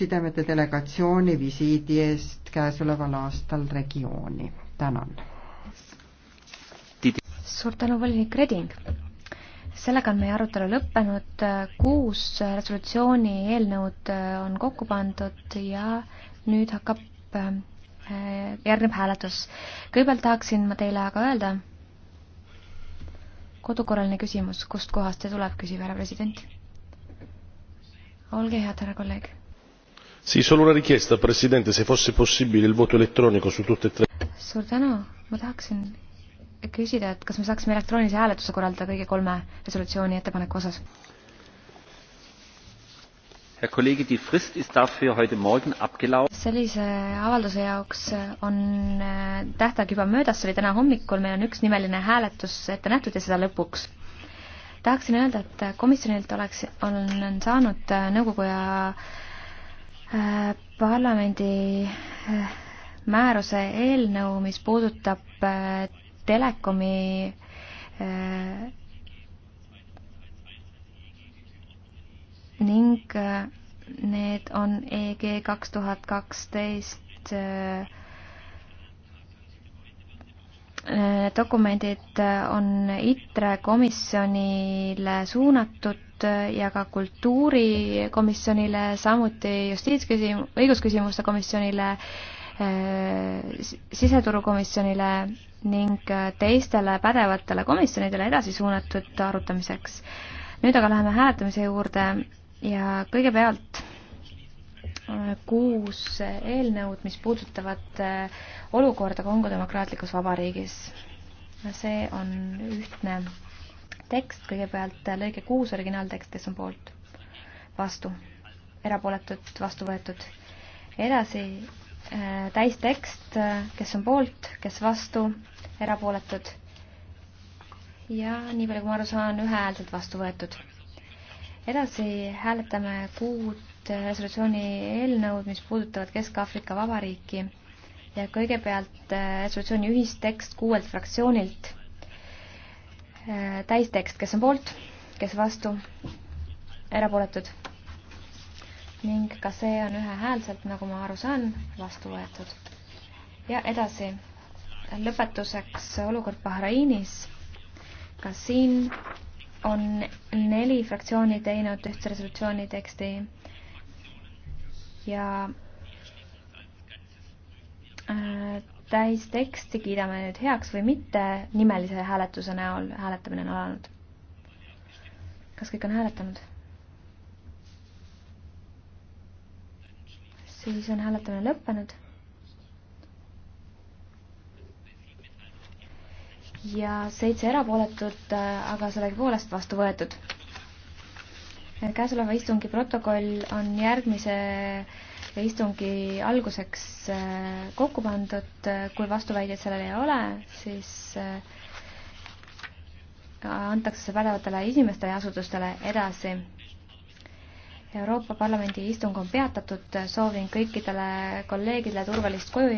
sidemete delegatsiooni visiidi eest käesoleval aastal regiooni. tänan. suur tänu, volinik Reding. sellega on meie arutelu lõppenud, kuus resolutsiooni eelnõud äh, on kokku pandud ja nüüd hakkab, äh, järgneb hääletus. kõigepealt tahaksin ma teile aga öelda, kodukorraline küsimus, kust kohast see tuleb, küsib härra president. olge head, härra kolleeg solo una richiesta presidente se fosse possibile il voto elettronico su tutte e tre. suur tänu ma tahaksin küsida et kas me saaksime elektroonilise hääletuse korraldada kõigi kolme resolutsiooni ettepaneku osas. Herr Kollege, die Frist ist dafür heute Morgen abgelaufen. sellise avalduse jaoks on äh, tähtaeg juba möödas, see oli täna hommikul, meil on üks nimeline hääletus ette nähtud ja seda lõpuks. tahaksin öelda, et komisjonilt oleks, olen saanud äh, nõukogu ja äh, parlamendi eh, määruse eelnõu, mis puudutab eh, telekomi eh, ning need on EG kaks tuhat kaksteist dokumendid on ITRE komisjonile suunatud ja ka kultuurikomisjonile, samuti justiitsküsim-, õigusküsimuste komisjonile, eh, siseturukomisjonile ning teistele pädevatele komisjonidele edasi suunatud arutamiseks. nüüd aga läheme hääletamise juurde ja kõigepealt kuus eelnõud, mis puudutavad äh, olukorda Kongo demokraatlikus vabariigis. see on ühtne tekst, kõigepealt äh, lõige kuus originaaltekst, kes on poolt, vastu, erapooletud, vastu võetud. edasi äh, täistekst, kes on poolt, kes vastu, erapooletud ja nii palju, kui ma aru saan, ühehäälselt vastu võetud edasi hääletame kuut resolutsiooni eelnõud, mis puudutavad Kesk-Aafrika Vabariiki ja kõigepealt äh, resolutsiooni ühistekst kuuelt fraktsioonilt. Äh, täistekst, kes on poolt, kes vastu, erapooletud ning ka see on ühehäälselt, nagu ma aru saan, vastu võetud. ja edasi, lõpetuseks olukord Bahrainis. ka siin on neli fraktsiooni teinud ühtse resolutsiooni teksti ja äh, täisteksti kiidame nüüd heaks või mitte nimelise hääletuse näol. hääletamine on alanud. kas kõik on hääletanud? siis on hääletamine lõppenud ja seitse erapooletut, äh, aga sellegipoolest vastu võetud. käesoleva istungi protokoll on järgmise istungi alguseks äh, kokku pandud, kui vastuväideid sellel ei ole, siis äh, antakse see pädevatele inimestele ja asutustele edasi. Euroopa Parlamendi istung on peatatud, soovin kõikidele kolleegidele turvalist koju